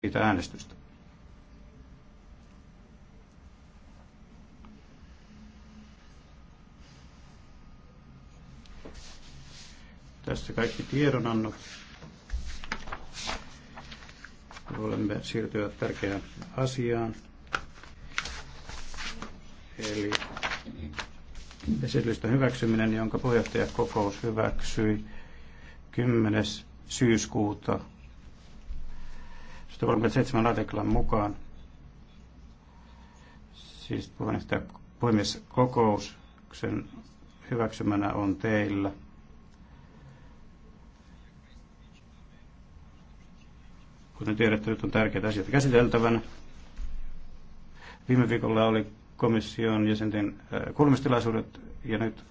siitä äänestystä. Tässä kaikki tiedonannot. Olemme siirtyä tärkeään asiaan. Eli esitystä hyväksyminen, jonka puheenjohtajakokous hyväksyi 10. syyskuuta 137 artiklan mukaan, siis puhemieskokouksen hyväksymänä on teillä – kuten tiedätte, nyt on tärkeitä asioita käsiteltävänä. Viime viikolla oli komission jäsenten äh, kuulemistilaisuudet ja nyt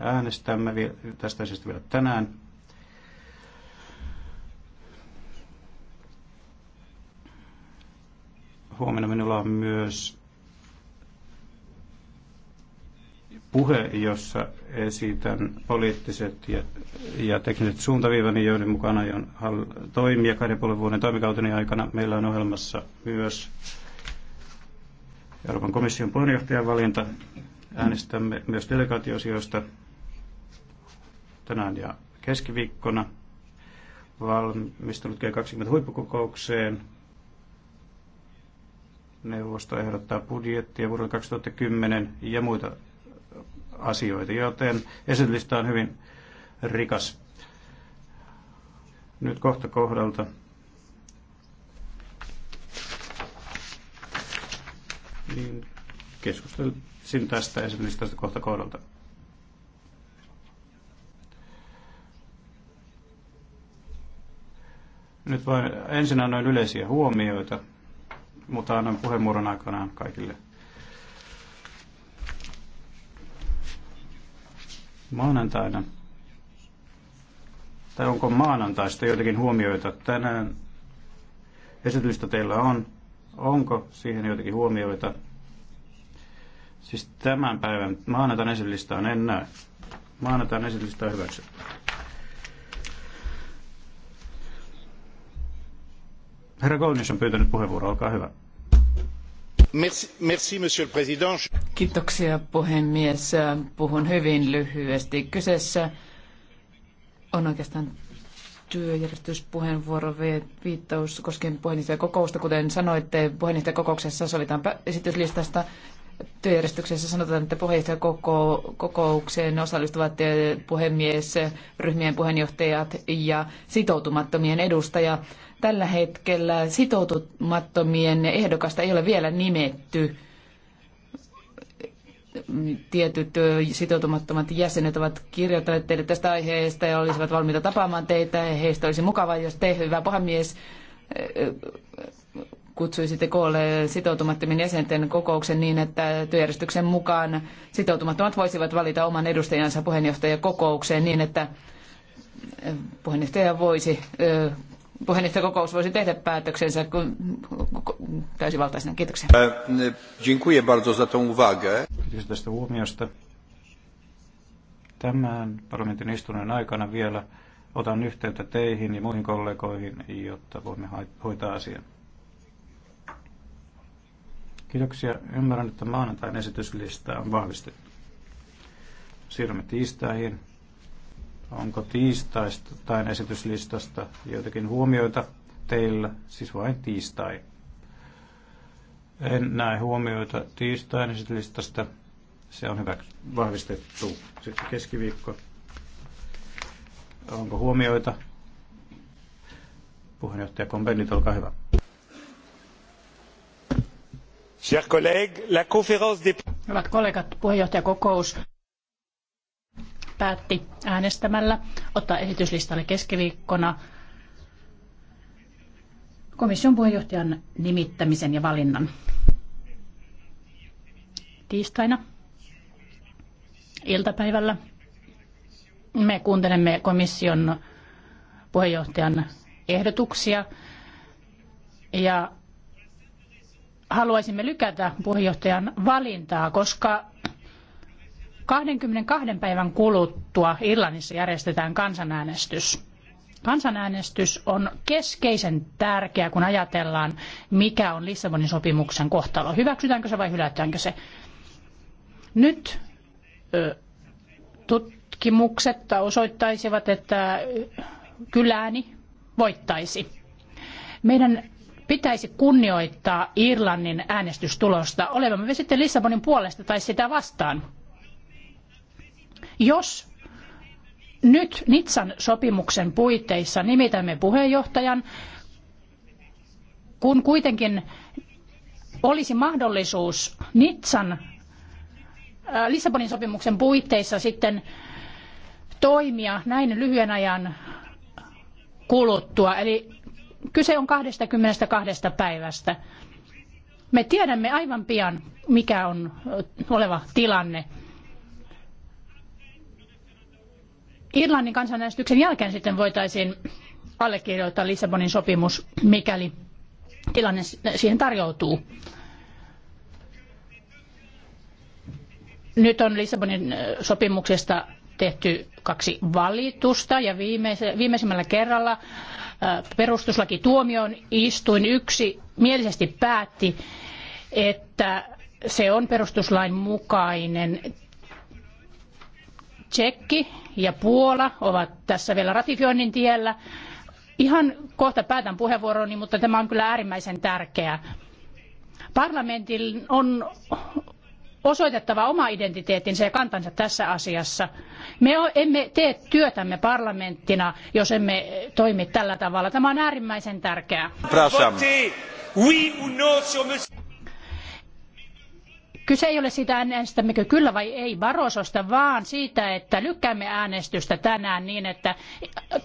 äänestämme tästä asiasta vielä tänään. Huomenna minulla on myös puhe, jossa esitän poliittiset ja, ja tekniset suuntaviivani, joiden mukana aion toimia kahden puolen vuoden toimikauteni aikana. Meillä on ohjelmassa myös Euroopan komission puheenjohtajan valinta. Äänestämme myös delegaatiosioista tänään ja keskiviikkona valmistelut G20 huippukokoukseen Neuvosto ehdottaa budjettia vuodelle 2010 ja muita asioita, joten esityslista on hyvin rikas. Nyt kohta kohdalta niin keskustelisin tästä esityslistasta kohta kohdalta. Nyt vain ensin annoin yleisiä huomioita mutta annan puheenvuoron aikanaan kaikille. Maanantaina, tai onko maanantaista jotakin huomioita tänään? Esitystä teillä on. Onko siihen jotakin huomioita? Siis tämän päivän maanantain esitystä on en näe. Maanantain esitystä on hyväksytty. Herra Golnish on pyytänyt puheenvuoroa, olkaa hyvä. Kiitoksia puhemies. Puhun hyvin lyhyesti. Kyseessä on oikeastaan työjärjestyspuheenvuoro viittaus koskien puheenjohtajakokousta. Kuten sanoitte, puheenjohtajakokouksessa sovitaan esityslistasta työjärjestyksessä sanotaan, että puheenjohtajakokoukseen osallistuvat eh, puhemies, ryhmien puheenjohtajat ja sitoutumattomien edustaja. Tällä hetkellä sitoutumattomien ehdokasta ei ole vielä nimetty. Tietyt eh, sitoutumattomat jäsenet ovat kirjoittaneet teille tästä aiheesta ja olisivat valmiita tapaamaan teitä. Heistä olisi mukavaa, jos te, hyvä puhemies, eh, kutsuisitte koolle sitoutumattomien jäsenten kokouksen niin, että työjärjestyksen mukaan sitoutumattomat voisivat valita oman edustajansa puheenjohtajakokoukseen niin, että puheenjohtaja voisi puheenjohtajakokous voisi tehdä päätöksensä täysivaltaisena. Kiitoksia. Dziękuję bardzo za tą uwagę. Kiitos tästä huomiosta. Tämän parlamentin istunnon aikana vielä otan yhteyttä teihin ja muihin kollegoihin, jotta voimme hoitaa asian. Kiitoksia. Ymmärrän, että maanantain esityslista on vahvistettu. Siirrymme tiistaihin. Onko tiistaista tai esityslistasta joitakin huomioita teillä? Siis vain tiistai. En näe huomioita tiistain esityslistasta. Se on hyvä vahvistettu. Sitten keskiviikko. Onko huomioita? Puheenjohtaja Kompenit, olkaa hyvä. Chers collègues, la conférence des... Hyvät kollegat, puheenjohtajakokous päätti äänestämällä ottaa esityslistalle keskiviikkona komission puheenjohtajan nimittämisen ja valinnan. Tiistaina iltapäivällä me kuuntelemme komission puheenjohtajan ehdotuksia ja haluaisimme lykätä puheenjohtajan valintaa, koska 22 päivän kuluttua Irlannissa järjestetään kansanäänestys. Kansanäänestys on keskeisen tärkeä, kun ajatellaan, mikä on Lissabonin sopimuksen kohtalo. Hyväksytäänkö se vai hylätäänkö se? Nyt tutkimukset osoittaisivat, että kyläni voittaisi. Meidän pitäisi kunnioittaa Irlannin äänestystulosta, olemme me sitten Lissabonin puolesta tai sitä vastaan. Jos nyt Nitsan sopimuksen puitteissa nimitämme puheenjohtajan, kun kuitenkin olisi mahdollisuus Nitsan äh, Lissabonin sopimuksen puitteissa sitten toimia näin lyhyen ajan kuluttua. Eli Kyse on 22 päivästä. Me tiedämme aivan pian, mikä on oleva tilanne. Irlannin kansanäänestyksen jälkeen sitten voitaisiin allekirjoittaa Lissabonin sopimus, mikäli tilanne siihen tarjoutuu. Nyt on Lissabonin sopimuksesta tehty kaksi valitusta ja viimeisimmällä kerralla perustuslakituomion istuin yksi mielisesti päätti, että se on perustuslain mukainen. Tsekki ja Puola ovat tässä vielä ratifioinnin tiellä. Ihan kohta päätän puheenvuoroni, mutta tämä on kyllä äärimmäisen tärkeää. Parlamentin on osoitettava oma identiteettinsä ja kantansa tässä asiassa. Me emme tee työtämme parlamenttina, jos emme toimi tällä tavalla. Tämä on äärimmäisen tärkeää. No Kyse ei ole siitä äänestämmekö kyllä vai ei Barososta, vaan siitä, että lykkäämme äänestystä tänään niin, että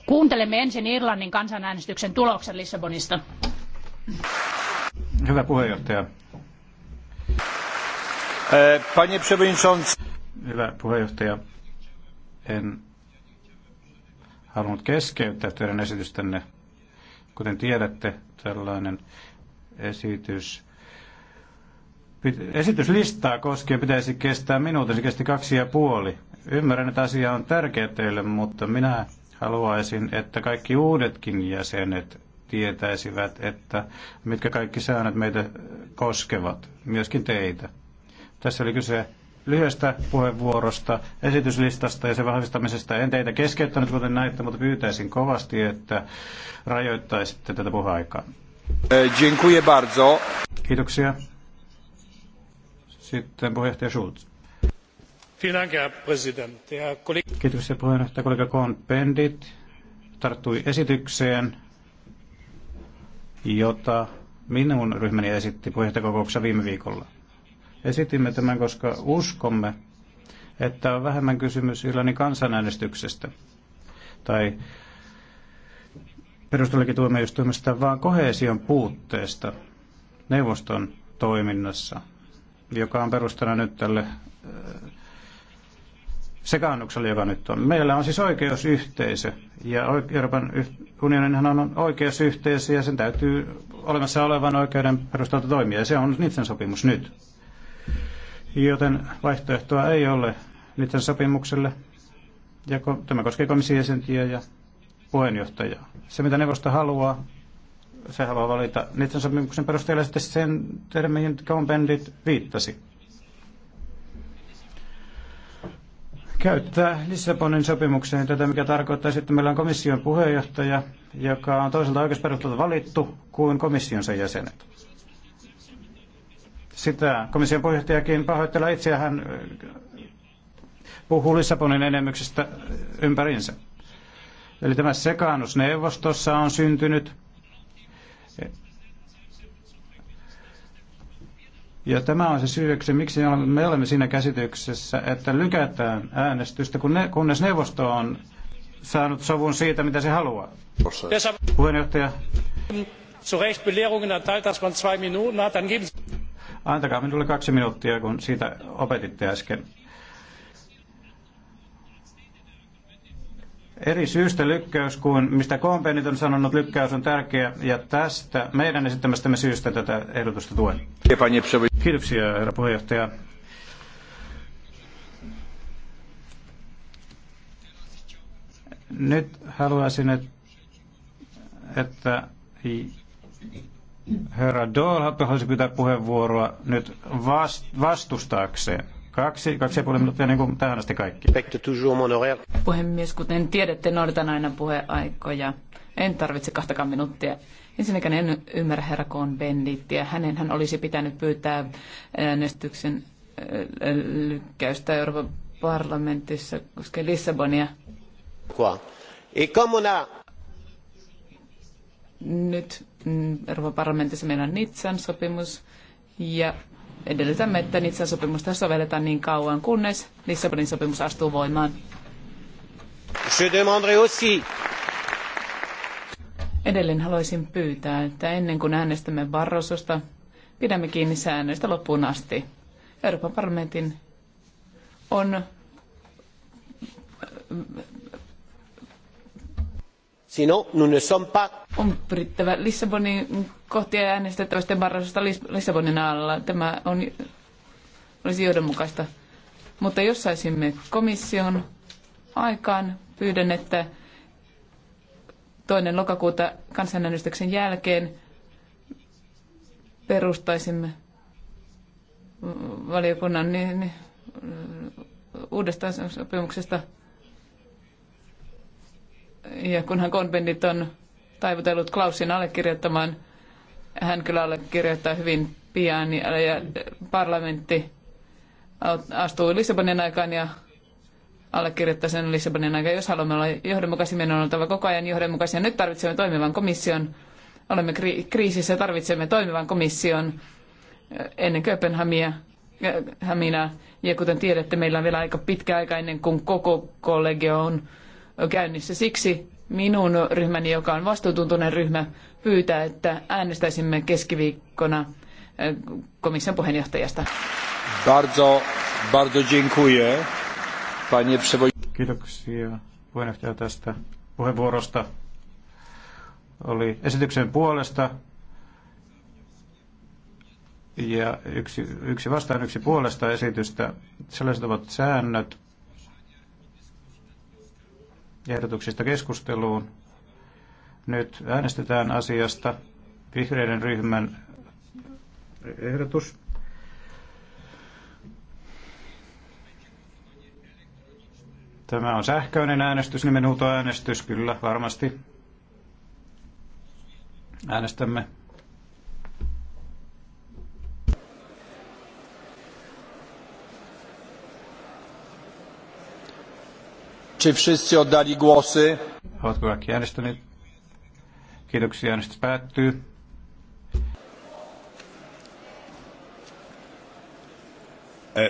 kuuntelemme ensin Irlannin kansanäänestyksen tuloksen Lissabonista. Hyvä puheenjohtaja. E, panie przewodniczący. Hyvä puheenjohtaja, en halunnut keskeyttää teidän esitystänne. Kuten tiedätte, tällainen esitys esityslistaa koskien pitäisi kestää minuutin, se kesti kaksi ja puoli. Ymmärrän, että asia on tärkeä teille, mutta minä haluaisin, että kaikki uudetkin jäsenet tietäisivät, että mitkä kaikki säännöt meitä koskevat, myöskin teitä. Tässä oli kyse lyhyestä puheenvuorosta, esityslistasta ja sen vahvistamisesta. En teitä keskeyttänyt, kuten näitte, mutta pyytäisin kovasti, että rajoittaisitte tätä puheaikaa. E, dziękuję bardzo. Kiitoksia. Sitten puheenjohtaja Schulz. Kiitoksia puheenjohtaja kollega Kohn Pendit tarttui esitykseen, jota minun ryhmäni esitti puheenjohtajakokouksessa viime viikolla. Esitimme tämän, koska uskomme, että on vähemmän kysymys Irlannin kansanäänestyksestä tai perustuslakituomioistuimesta, vaan kohesion puutteesta neuvoston toiminnassa, joka on perustana nyt tälle äh, sekaannukselle, joka nyt on. Meillä on siis oikeusyhteisö, ja Euroopan unioninhan on oikeusyhteisö, ja sen täytyy olemassa olevan oikeuden perustalta toimia, ja se on nyt sen sopimus nyt joten vaihtoehtoa ei ole niiden sopimukselle. Ja tämä koskee komission jäsentiä ja puheenjohtajaa. Se, mitä neuvosto haluaa, se haluaa valita niiden sopimuksen perusteella sitten sen termiin, jotka on viittasi. käyttää Lissabonin sopimukseen tätä, mikä tarkoittaa, että meillä on komission puheenjohtaja, joka on toiselta oikeusperustalta valittu kuin komissionsa jäsenet. Sitä komission puheenjohtajakin pahoittelee itseään puhuu Lissabonin enemmyksestä ympärinsä. Eli tämä sekaannus neuvostossa on syntynyt. Ja tämä on se syy, miksi me olemme siinä käsityksessä, että lykätään äänestystä, kun ne, kunnes neuvosto on saanut sovun siitä, mitä se haluaa. Puheenjohtaja. Zu Recht Belehrungen erteilt, dass man zwei Minuten hat, dann geben Sie... Antakaa minulle kaksi minuuttia, kun siitä opetitte äsken. Eri syystä lykkäys kuin mistä Kompenit on sanonut, lykkäys on tärkeä ja tästä meidän esittämästämme syystä tätä ehdotusta tuen. Kiitoksia, herra puheenjohtaja. Nyt haluaisin, että Herra Dahl haluaisi pyytää puheenvuoroa nyt vast, vastustaakseen. Kaksi, kaksi ja puoli minuuttia niin kuin tähän asti kaikki. Puhemies, kuten tiedätte, noudatan aina puheaikoja. En tarvitse kahtakaan minuuttia. Ensinnäkään en ymmärrä herra Koon Bendittiä. Hänen hän olisi pitänyt pyytää äänestyksen lykkäystä Euroopan parlamentissa koskien Lissabonia. Et comme on a nyt mm, Euroopan parlamentissa meillä on Nitsan sopimus ja edellytämme, että Nitsan sopimusta sovelletaan niin kauan, kunnes Lissabonin sopimus astuu voimaan. Je aussi Edelleen haluaisin pyytää, että ennen kuin äänestämme Barrososta, pidämme kiinni säännöistä loppuun asti. Euroopan parlamentin on Sinon, nous no ne sommes pas... On pyrittävä Lissabonin kohti äänestettävästä Barrososta Lissabonin alla. Tämä on, olisi johdonmukaista. Mutta jos saisimme komission aikaan, pyydän, että toinen lokakuuta kansanäänestyksen jälkeen perustaisimme valiokunnan niin, niin, uudesta sopimuksesta – ja kunhan konventit on taivutellut Klausin allekirjoittamaan, hän kyllä allekirjoittaa hyvin pian ja parlamentti astuu Lissabonin aikaan ja allekirjoittaa sen Lissabonin aikaan. Jos haluamme olla johdonmukaisia, meidän on oltava koko ajan johdonmukaisia. Nyt tarvitsemme toimivan komission. Olemme kri- kriisissä ja tarvitsemme toimivan komission ennen Kööpenhamia. Häminää. Ja kuten tiedätte, meillä on vielä aika pitkä aika ennen kuin koko kollegio on käynnissä. Siksi minun ryhmäni, joka on vastuutuntoinen ryhmä, pyytää, että äänestäisimme keskiviikkona komission puheenjohtajasta. Bardzo, bardzo dziękuję, panie Kiitoksia puheenjohtaja tästä puheenvuorosta. Oli esityksen puolesta ja yksi, yksi vastaan yksi puolesta esitystä. Sellaiset ovat säännöt ehdotuksista keskusteluun. Nyt äänestetään asiasta vihreiden ryhmän ehdotus. Tämä on sähköinen äänestys, nimenhuutoäänestys, kyllä, varmasti. Äänestämme. Czy wszyscy oddali głosy? Oletko kaikki äänestäneet? Kiitoksia, äänestys päättyy. E.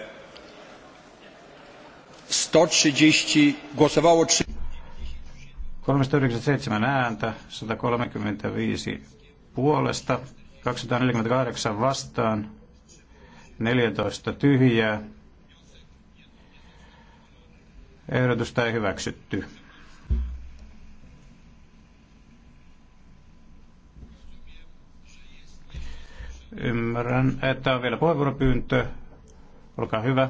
130 głosowało 3... 397 ääntä, 135 puolesta, 248 vastaan, 14 tyhjää. Ehdotusta ei hyväksytty. Ymmärrän, että on vielä puheenvuoropyyntö. Olkaa hyvä.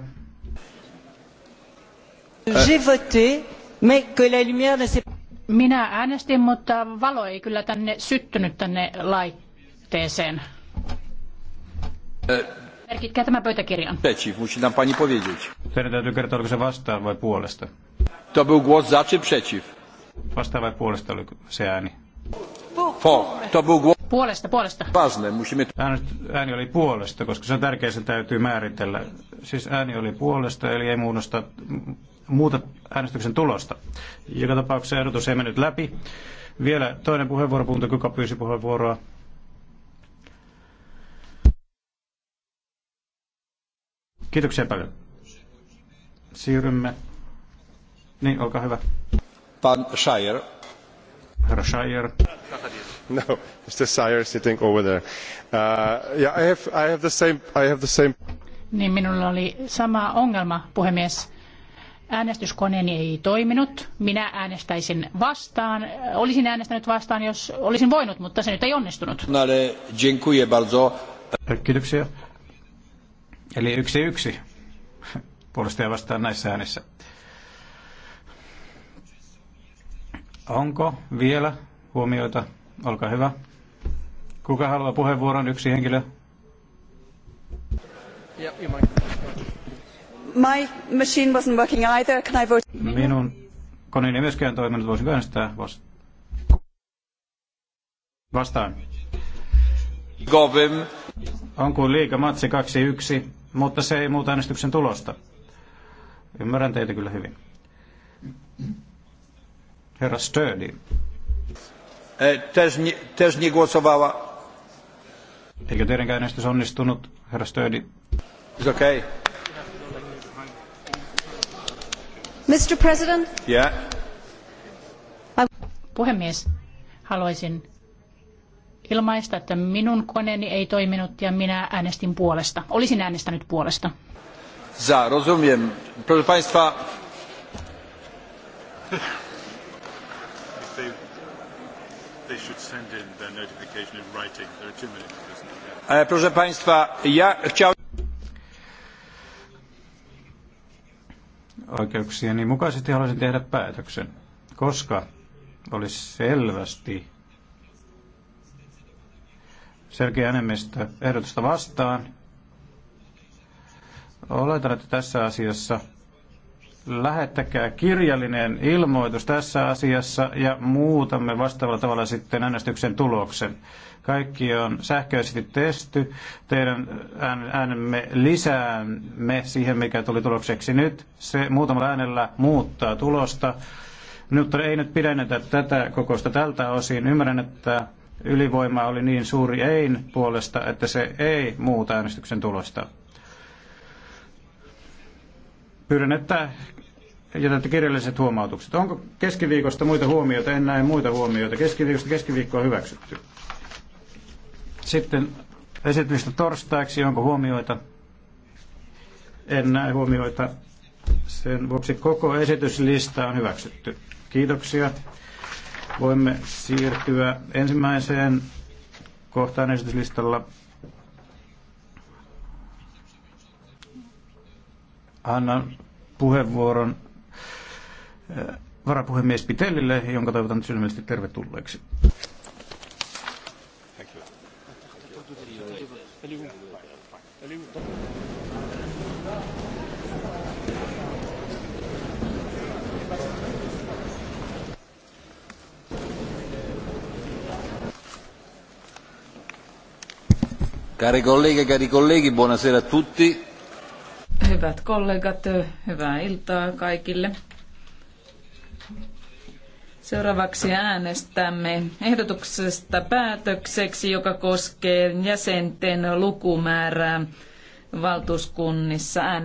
minä äänestin, mutta valo ei kyllä tänne syttynyt tänne laitteeseen. Äh, Merkitkää tämä pöytäkirjan. Peci, musi nam pani powiedzieć. Teidän täytyy kertoa, se vastaa vai puolesta. To był głos za czy przeciw? Vastaa vai puolesta oli se ääni? Po, To był głos... Puolesta, puolesta. Ważne, musimy... Ääni oli puolesta, koska se on tärkeää, se täytyy määritellä. Siis ääni oli puolesta, eli ei muunnosta muuta äänestyksen tulosta. Joka tapauksessa ehdotus ei mennyt läpi. Vielä toinen puheenvuoropunto, kuka pyysi puheenvuoroa? Kiitoksia paljon. Siirrymme. Niin, olkaa hyvä. Pan Shire. Herra Shire. No, Mr. Shire sitting over there. Uh, yeah, I have, I have the same, I have the same. Niin, minulla oli sama ongelma, puhemies. Äänestyskoneeni ei toiminut. Minä äänestäisin vastaan. Olisin äänestänyt vastaan, jos olisin voinut, mutta se nyt ei onnistunut. No, Kiitoksia. Eli yksi yksi puolustaja vastaan näissä äänissä. Onko vielä huomioita? Olkaa hyvä. Kuka haluaa puheenvuoron? Yksi henkilö. My machine wasn't working either. Can I vote? Minun koneeni myöskään toiminut. Voisin äänestää vastaan? Govim. On kuin liika matsi 2-1 mutta se ei muuta äänestyksen tulosta. Ymmärrän teitä kyllä hyvin. Herra Stödi. Też nie, głosowała. Eikö teidän äänestys onnistunut, herra Stödi? It's okay. Mr. President. Yeah. Puhemies, haluaisin ilmaista, että minun koneeni ei toiminut ja minä äänestin puolesta. Olisin äänestänyt puolesta. Za, rozumiem. Proszę Państwa, e, Proszę Państwa, ja chciałem... Oikeuksieni mukaisesti haluaisin tehdä päätöksen, koska olisi selvästi selkeä enemmistö ehdotusta vastaan. Oletan, että tässä asiassa lähettäkää kirjallinen ilmoitus tässä asiassa ja muutamme vastaavalla tavalla sitten äänestyksen tuloksen. Kaikki on sähköisesti testy. Teidän äänemme lisäämme siihen, mikä tuli tulokseksi nyt. Se muutamalla äänellä muuttaa tulosta. Nyt ei nyt pidennetä tätä kokousta tältä osin. Ymmärrän, että ylivoima oli niin suuri ein puolesta, että se ei muuta äänestyksen tulosta. Pyydän, että jätätte kirjalliset huomautukset. Onko keskiviikosta muita huomioita? En näe muita huomioita. Keskiviikosta on hyväksytty. Sitten esitystä torstaiksi. Onko huomioita? En näe huomioita. Sen vuoksi koko esityslista on hyväksytty. Kiitoksia. Voimme siirtyä ensimmäiseen kohtaan esityslistalla. Annan puheenvuoron eh, varapuhemies Pitellille, jonka toivotan sydämellisesti tervetulleeksi. Thank you. Cari colleghe, cari colleghi, buonasera a tutti. Hyvät kollegat, hyvää iltaa kaikille. Seuraavaksi äänestämme ehdotuksesta päätökseksi, joka koskee jäsenten lukumäärää valtuuskunnissa. Äänestämme